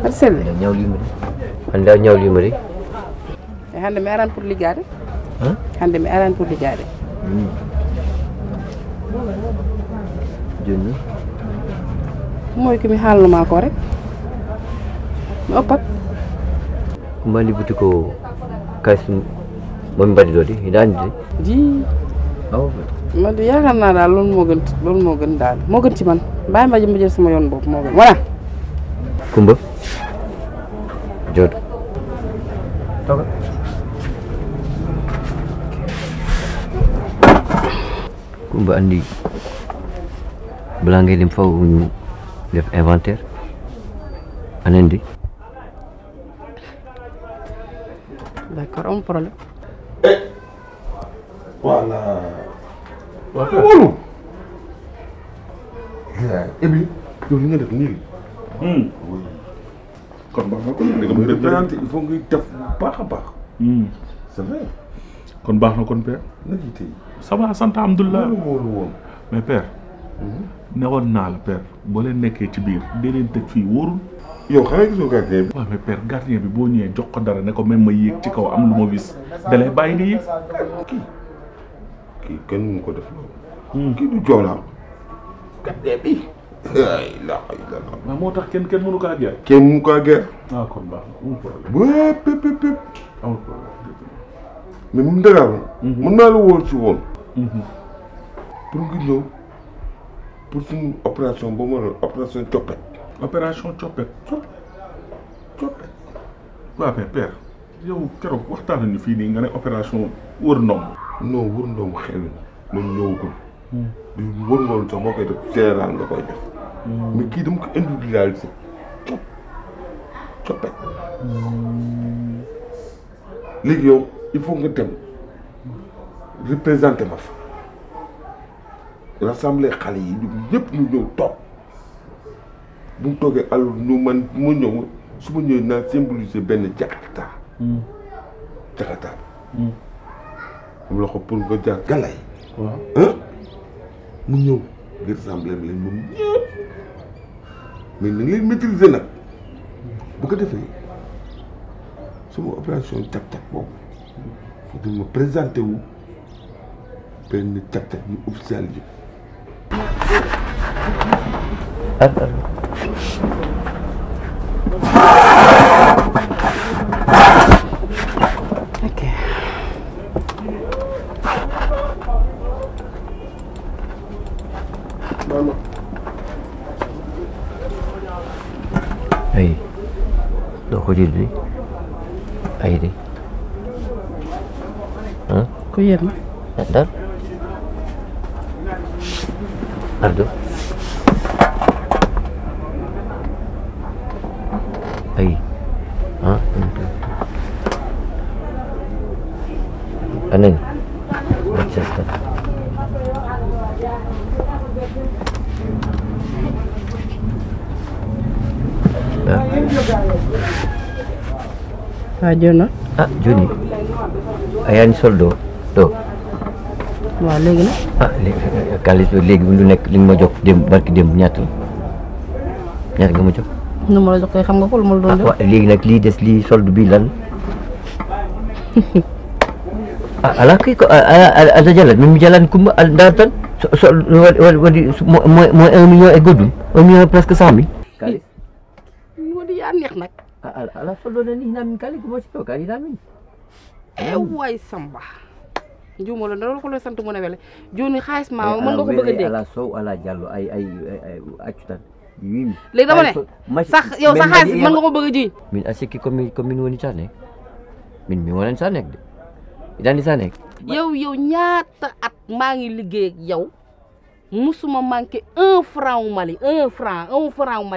aɗa selli mbiɗa ñawlimiri hannde a ñawlimiri e hannde mi aran pour liggade hannde mi aran pour liggade hmm. joni moy komi haalnoma ko rek mi oppat ko malibuti ko kalis momi mbaɗi ɗo de hiɗa andi de di mbaɗi yakarna ɗa lon mo gën lon moo gën dal mo gën timan mbawi mbaji mbajer sama yoon bob mo gën wona coumba Jóot toogal Kumba andi balaa dem faw def inventaire aneen di d'accord am problème voilà wóolu yow nga def nii kon baax na ko léegi ngay def bu baax a baax. Hmm. c'est kon baax na kon père. na ci tey. ça va woon hmm. naa la père boo leen nekkee ci biir dee leen teg fii wóorul. yow xanaa gisoo gardien bi. waaw boo ñëwee jox ko dara ne ko même ma yéeg ci kaw am lu ma wis dalay bàyyi nga yéeg. kii kii kenn mënu ko def loolu. Hmm. kii du joolaa. bi. moo tax kenn kenn mënu kaa ger. kenn mënu kaa ger. ah kon baax na amul problème. pépp pépp pépp. amul problème. mais moom Dakar moom. mën naa la wóor ci woon. Mhm. pour nga ñëw pour suñu opération ba mu war opération coppet. opération coppet coppet coppet. waaw mais père yow keroog waxtaan nañu fii nii nga ne opération wër ndomb. non wër ndomb xel na moom ñëwagul. Hmm. wër ndomb sax moo koy def général nga koy def. Mm. mais kii dama ko si cop coppe léegi yow il faut nga dem représenté ma fa rassemblé xale yi ñoom ñëpp ñu ñëw toog bu mu toogee alors ñu man ma ñëw su ma ñëwee naa symboliser benn jakarta mm. jakarta bi mm. am loxo pour nga jaar galay mu ñëw ngir rassemblé leen ñoom ñëpp mais na nga leen maîtriser bu ko defee suma opération càq-càq boobu foofu ma présenté wu benn càq-càq ñu officialisé ko. Ah, ah. kujir bi ID hmm? kujir mah dar Ardo ay ha anin Manchester Yeah. ha ah, joni noon a ah, joni a yani solde o ɗo waaw léegi nag ah xaalis bi léegi lu nekk li nga ma jox démb barki démb ñaata la ñaata nga ma jox nu ma la jox koy xam nga ko lu ma la doon jox ah, waaw léegi nag lii des lii solde bi lan ala kii ko ada jalan min mi jalan kumba ndaa tan sol wadi mooy un million e goddum un million presque cent mille xaalis moo di yaa neex nag alasollolen hinami kali eh, ko mocito kadi hinami e way samba juumaloon da loolu ko looy sant mu ne wele jooni xaalis maa eh, mën nga ko bëgg a dégg ala sow ko bëgg a jiñ min a sikki comme min woni sa nekk min mi wonen sa nekk de idan di sa nekk yow yow ñaata at maa ngi liggéey ak yow musuma manqué un franc wu Mali un franc un franc wu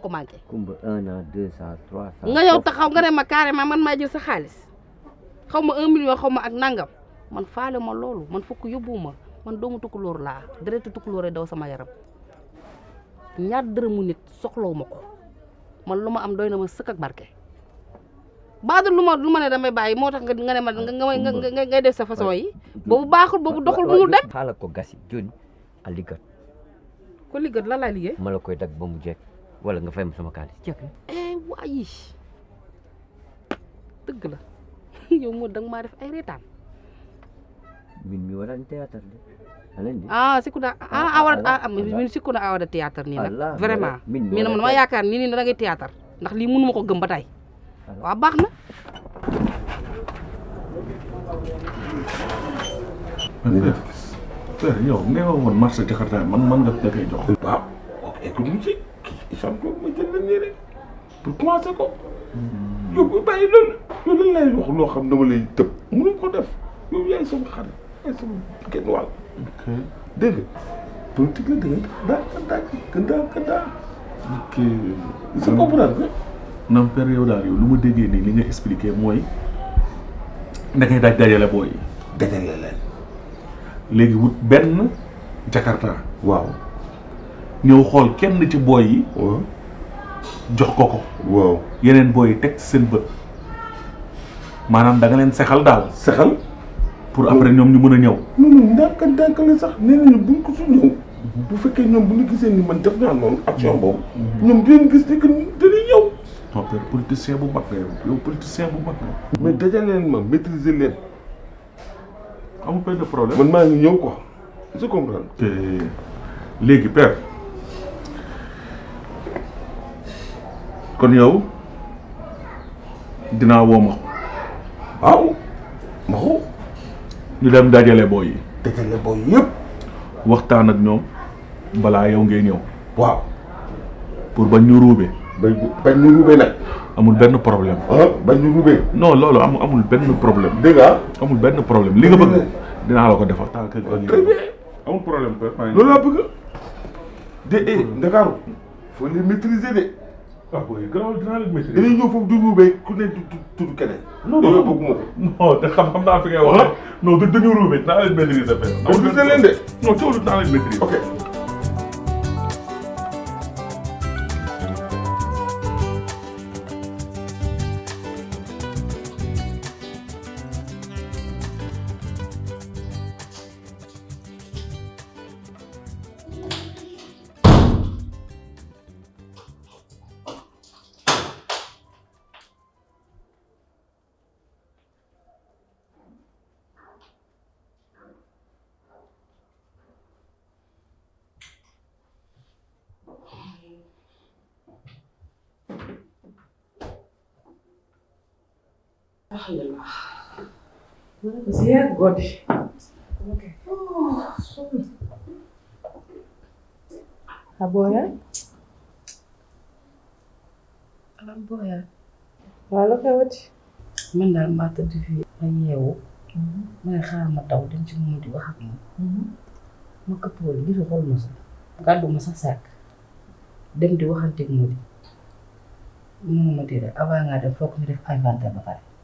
ko manqué. kumba un nga yow taxaw nga ne ma carrément man maa jël sa xaalis xaw ma un million xaw ma ak nangam man faale ma loolu man fukk yóbbuwuma man doomu tukulóor laa deretu tukulóor daw sama yaram ñaar dërëmu mu soxlawu soxlawuma ko man lu ma am doy na ma sëkk ak barke. baadu lu ma lu ma ne damay bàyyi moo tax nga ne ma nga ngay def sa façon yi. boobu baaxul boobu doxul bu mu dem. xaaral ko gasi joni a liggat ko liggat lan laay liggéey ma la koy dagg ba mu jekk wala nga fay ma kaalis jekk na eh, waayi dëgg la yow moo danga maa def ay reetaan min mi waɗani théâtre de anandi ah sikkuɗa ah, ah, ah, a awaɗa min sikkuɗa a waɗa théâtre ni nag vraiment min ma yaakaar ni ni dangay théâtre ndax lii mënuma ko gëm ba tey waaw na yow nee nga woon marché Jakarta man man nga da koy jox. waaw ok écoute ko ma jël nii rek pour commencer ko. loolu lay wax loo xam dama lay tëb mënu ko def yow yaay sama xarit yaay sama genn wàll. ok dégg nga politique la dégg nga daa gëndaa gëndaa. ok sa comprendre nga. naam yow daal yow lu ma déggee nii li nga expliqué mooy da ngay daaj dajale booy yi. léegi wut benn jakarta waaw ñëw xool kenn ci booy yi jox ko ko waaw yeneen booy yi teg seen bët maanaam da leen sexal daal sexal pour après ñoom ñu mën a ñëw non ndànk ndànk ne sax nee nañu buñ ko su ñëw mhm. bu fekkee ñoom bu ñu gisee ni man def naa noonu action mhm. boobu mhm. ñoom dinañ gis ni que dañuy ñëw non politicien bu mag nga yow yow politicien bu mag nga mais dajaleen ma maîtriser leen amul benn problème man maa ngi ñëw quoi léegi père kon yow dinaa woo ma waaw ma ñu dem dajale booy yi. dajale booy yëpp. waxtaan ak ñoom balaa yow ngay ñëw. waaw pour bañ ñu ruube. bañ ñu ruube nag. amul benn problème. Ah, bañ ñu rubee. non loolu amul amul benn problème. dégg nga amul benn problème li nga bëgg dinaa la ko defal. tant que ah, très bien amul problème loolu laa bëgg. de eh Ndakaaru faut les maîtriser de. ah booy garaawul dinaa leen maîtriser. dañuy ñëw foofu du rubee ku ne du tudd keneen. non non bëgg ma ko. non te xam xam naa fi ngay wax. non du duñu rubee dinaa leen maîtriser. amul benn problème de. non coow dinaa leen maîtriser. ok. Ziyaar godi. A booyal. Alam booyal. Waaw la koy ma yeewu. ma ne xaaral ma taw dem ci moom di wax ak moom. ma këpp wala gis nga xool ma sax gàddu ma sax sàkk dem di waxanteeg moom. mënuma tere avant nga def foog ñu def inventaire ba pare.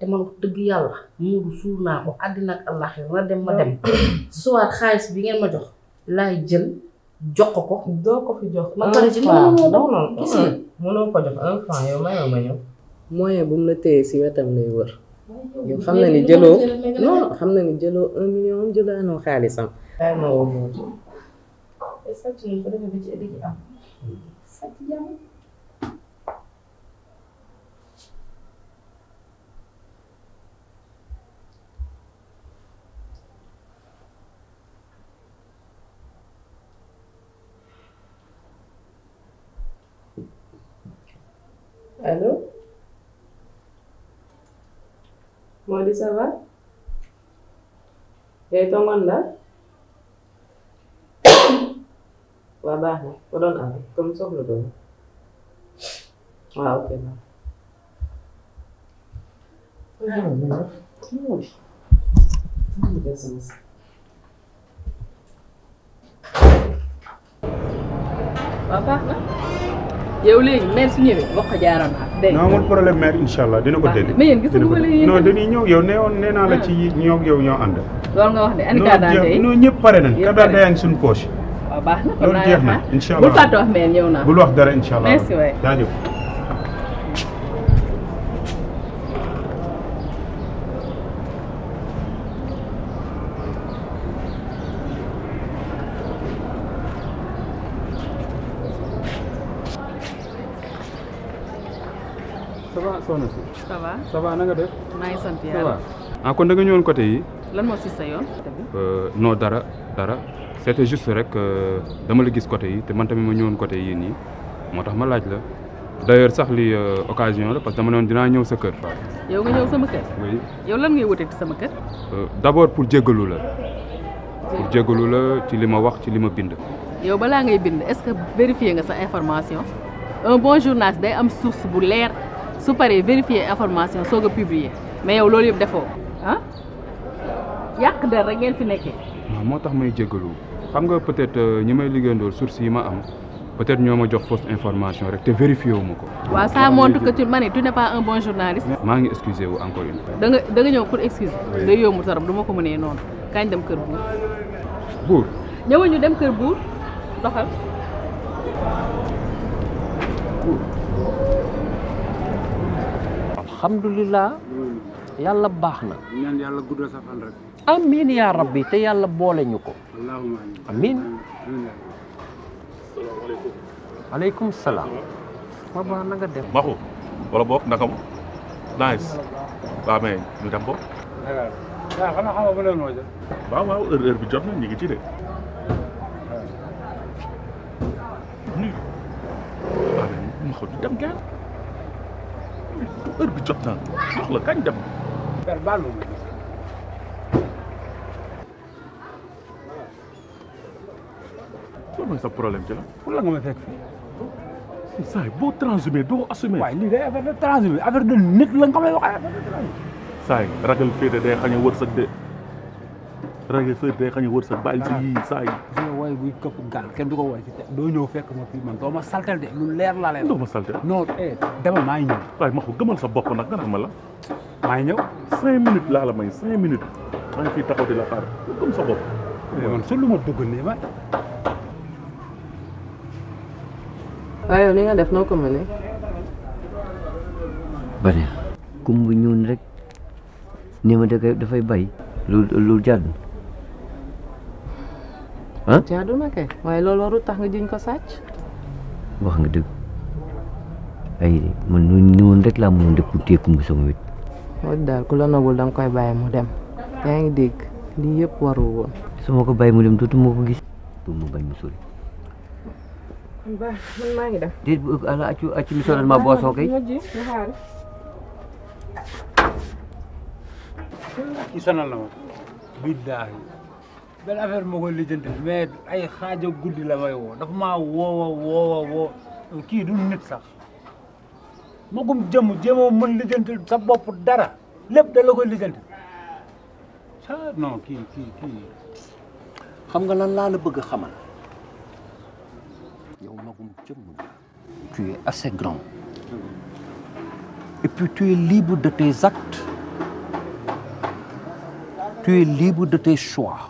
te man wax dëgg yàlla Moodu suur naa ko àddina ak àllaxir na dem ma dem soit xaalis bi ngeen ma jox laay jël jox ko ko. doo ko fi jox la téye si wetam lay wër. yow xam na ni jëloo non xam na ni jëloo un million jëlaanoo xaalisam. allo Mody ça va tey tongoon la waa baax na ko doon am comme soxla doon waaw ok baax waaw baax na yow léegi maire su ñëwee wax ko jaaroon dina ko déglu. mais yéen gis nga leen non dañuy ñëw yow nee woon nee naa la ah. ci ñoom yow ñoo ànd. loolu nga wax de an pare nañ carte d'identité yaa ngi suñu poche. waaw ah, baax na kon naa leen wax loolu na incha allah dara incha ça va def. maa ngi sant yàlla ah, kon da nga ñëwoon yi. lan moo si sa yoon. Euh, non dara dara c'était juste rek euh, dama la gis côté yi te man tamit ma ñëwoon côté yi nii moo tax ma laaj la d'ailleurs sax li euh, occasion la parce que dama ne woon dinaa ñëw sa kër. yow nga ñëw sama kër. oui lan ngay wutati sama kër. d'abord pour jéggalu la. pour jéggalu la ci li ma wax ci li ma bind. yow balaa ngay bind est-ce que vérifier nga sa information un bon journaliste day am source su paree vérifier information soog a publier mais yow loolu yëpp defoo ah yàq der rek ngeen fi nekkee. moo tax may jégalu xam nga peut-être euh, ñi may liggéeyandool source yi ma am peut-être ñoo ma jox fausse information rek te vérifié wu ko. waaw ça montre que tu ma ne tu n'es pas un bon journaliste. maa ngi excusé wu encore une fois. da nga da nga ñëw pour excuse. day yomb torop du ma ko mënee noonu kañ dem kër buur. buur ñëwal ñu dem kër buur doxal. alhamdulilah hmm. yàlla baax na. ñaan yàlla guddal yaa rabbi te yàlla boole ñu ko. allahumma amiin. salaamaaleykum. salaam. waaw waaw na nga Maxu wala boog naka nice. waaw ñu dem ko. waaw xanaa xaw ma ba bi jot na ñu ngi de. waaw. Maxu di dem gàncax. heure la kañ dem. père baal ma loolu nga ma fekk fii. saa yi boo transhumé doo assumé. waaye lii day affaire de transhumé affaire de nit la nga may wax affaire de transhumé. saa yi ragal féete day xañ a de. rage sër day xañ a wërsëg bàyyi yii saa kenn du ko wooy doo ñëw fekk ma fii man doo ma de lu leer laa doo ma saltel non eh dama maa ngi ñëw waaye ma ko gëmal sa bopp nag nga naan ma la maa ngi ñëw la may cinq minutes maa ngi fii taxaw di la gëm sa bopp eh, man su lu ma dugg nii ma waaye yow li nga def noo ko bari kum bu rek ni ma dafay bay lu lu ah jaadu na kay waaye loolu tax nga jiñ ko sàcc. wax nga dëgg ay man ni woon rek laa mënoon def pour téeku mu sama wét. moo ku la nobul da nga koy bàyyi mu dem yaa ngi dégg lii yëpp warul woon. su ma ko bàyyi mu dem dootuma ko gis. mu bañ mu sori. baax ala accu accu mi sonal ma boosoo kay. kii sonal na ma. billaahi. benn affaire moo koy lijjanti mais ay xaaja guddi la may woo dafa maa woowa woo kii du nit sax magum jëmm jéemoo mën lijjanti sa bopp dara lépp da la koy lijjanti ah non kii kii kii xam nga lan laa la bëgg a xamal yow magum jëmm tu es assez grand et puis tu es libre de tes actes tu es libre de tes choix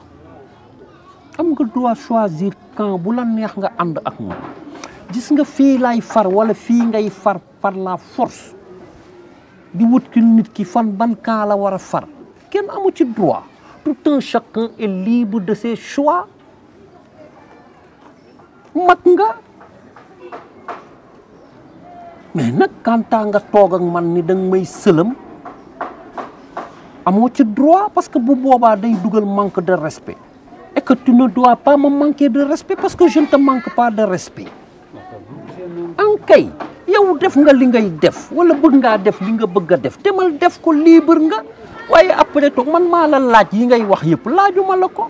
am nga droit choisir camp bu la neex nga ànd ak moom gis nga fii lay far walla fii ngay far par la force di wut nit ki fan ban camp la war a far kenn amu ci droit tout un chacun est libre de ses choix mag nga mais nag kantaa nga toog ak man ni danga may sëlam amoo ci droit parce que bu boobaa day dugal manque de respect et que tu ne dois pas me manquer de respect parce que je ne te pas de respect ankay yow def nga li ngay def wala bëgg ngaa def li nga bëgg a def demal def ko libre nga waaye après toog man maa la laaj yi ngay wax yëpp laajuma la ko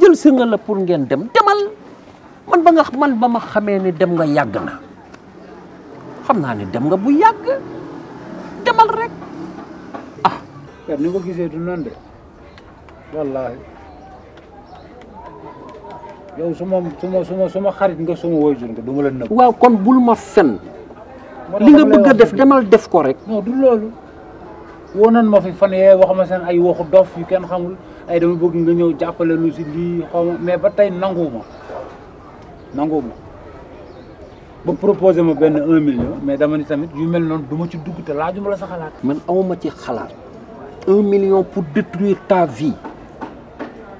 jël si nga la pour ngeen dem demal man ba man ba ma xamee ne dem nga yàgg na xam naa ni dem nga bu yàgg demal rek ah. gisee du yow su ma su ma su ma su xarit nga su ma waajur nga du ma la nëb. waaw kon bul ma fen li nga bëgg a def demal def ko rek. non du loolu. wonan ma fi fan yee wax ma seen ay waxu dof yu kenn xamul ay dama bëgg nga ñëw jàppale lu si lii xaw ma mais ba tey nangu ma nangu ma ba proposer ma benn un million mais dama ni tamit yu mel noonu du ma ci dugg te laajuma la sa xalaat. man awma ci xalaat. un million pour détruire ta vie.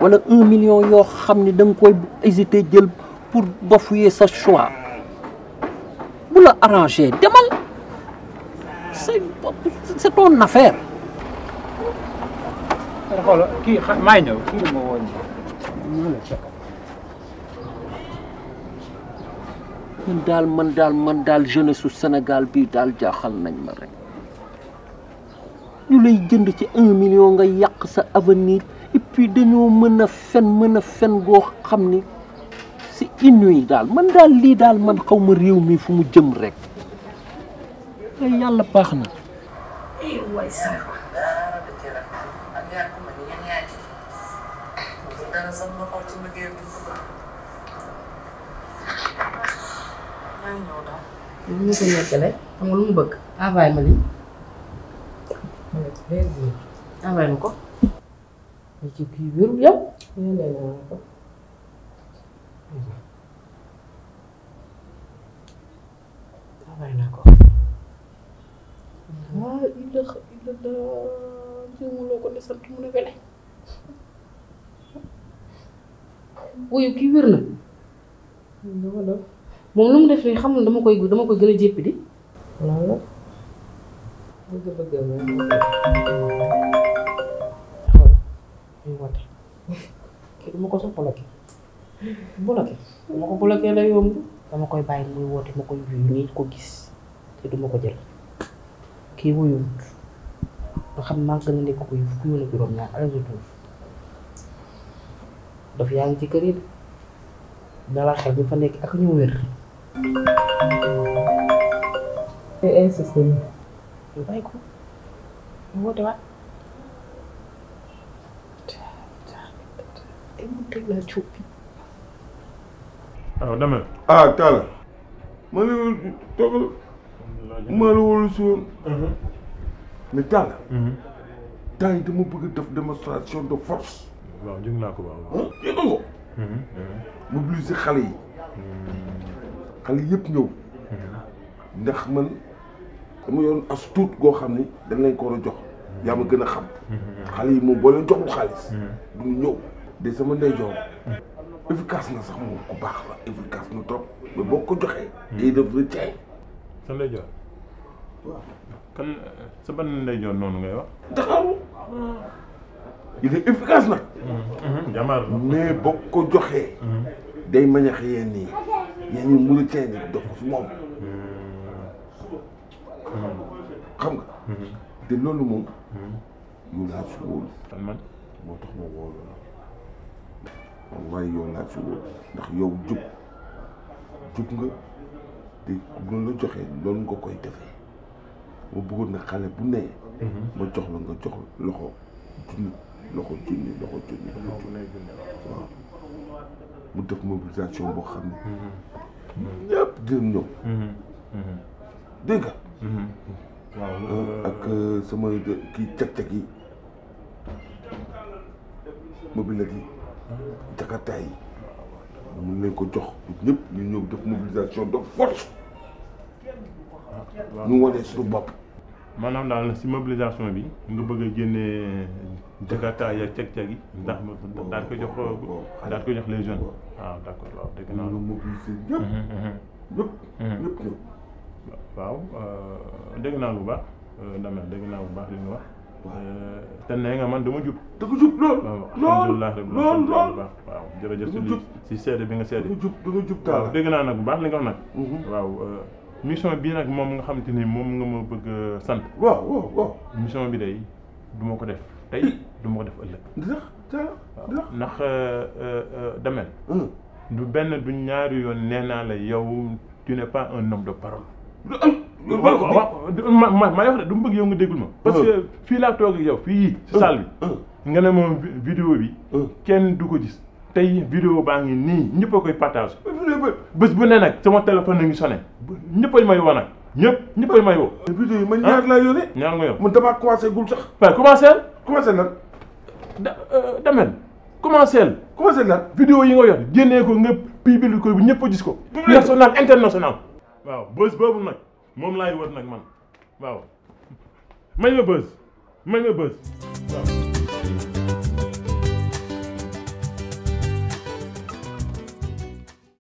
walla un million yoo xam ne da nga koy hésiter jël pour bafouer sa choix bu la arrangé demal c'est ton affaire. xoolal ñëw daal man daal man daal jeunesse Sénégal bii daal jaaxal nañ ma rek ñu lay jënd ci un million nga yàq sa avenir. puis dañoo mën a fen mën a fen goo xam ni c'est inouï daal man daal lii daal man xaw ma réew mi fu mu jëm rek ay yàlla eh, lu mu bëgg mais ci kii wérul yow. yónnee naa wér na. def moom lu mu def nii xamul dama koy dama koy gën a jéppi di. waaw. du ma ko sax bloqué bloqué du ko bloqué la yomb dama koy bàyyi muy woote ma koy wuyu nii ko gis te du ko jël kii wuyul nga xam maa gën nekk ko yu fukki yoonu juróom-ñaar alal daf ci kër yi dala xel fa nekk ak ñu wér. te bàyyi ko ñu woote waat. te waaw dama. ah Talla. ma ne la toog ma si woon. mais Talla. temps yi dama bëgg def démonstration de force. waaw jënd naa ko waaw. jënd ko. mobiliser xale yi. xale yëpp ñëw. ndax man dama yoon as goo xam ni dañ leen ko a jox. yaa ma gën a xam. xale yi moom boo leen joxul xaalis. duñu ñëw. de sama ndeyjoor efficace na sax moom ku baax la efficace na trop mais boo ko joxee. day def lu caay. sa ndeyjoor waaw noonu ngay wax. taxaw il mm-hmm, ko joxee. Mm-hmm. day mañax yéen nii yéen ñi mënu caay ni mm-hmm. xam nga. te loolu moom. moo tax ma wóolu la. waaye yow laa fi woo ndax yow jub jub nga te loolu la joxee loolu nga koy defee ma bëggoon na xale bu nee mhm. ma jox la nga jox loxo junni loxo junni loxo junni mu def mobilisation boo xam ne mhm. ñëpp dinañ ñëw mhm. dégg euh, ak euh, sama euh, kii cag-cag yi mobilette jakarta yi mun nañ ko jox ñëpp ñu ñëw def mobilisation de force ah, ñu wane suñu bopp maanaam daal si mobilisation bi nga bëgg a génnee jakarta yi ak ceg-ceg yi ndax daal ko jox daal ko jox les waaw ah, d'accord waaw dégg naa mobiliser mm-hmm, mm-hmm. Mm-hmm. ñëpp ñëpp waaw euh, dégg naa lu baax euh, damel dégg naa bu baax li nga wax Euh, te nee nga man dama jub. dama jub lool lool lool lool waaw jërëjëf si li si seede bi nga seede. dama jub dégg naa nag bu baax li nga wax nag. Mhm. waaw euh, mission bii nag moom nga xamante ni moom nga ma bëgg euh, sant. waaw waaw waaw. mission bi day duma ko def tey du ko def ëllëg. ndax ndax ndax Damel. Mhm. du benn du ñaari yoon nee naa la yow tu n'es pas un homme de parole. loolu ma ma ma wax de du mu bëgg yow nga déggul ma. parce euh. que fii laa toog ak fii ci euh. salle bi. Euh. nga ne moom vidéo bi. kenn du ko gis. tey vidéo baa ngi nii ñëpp a koy partage. bés bu ne nag sama téléphone la ngi sonné. ñëpp a may woo nag. ñëpp ñëpp a may woo. vidéo yi man ñaar laa yónnee. ñaar nga yow man damaa commencé gul sax. waaw commencé commencé na. da damel commencé la. commencé na. vidéo yi nga yor génnee ko nga publié ko ñëpp a gis ko. national international. waaw bés boobu nag. moom laay wër nag man waaw may ma bës may ma bës waaw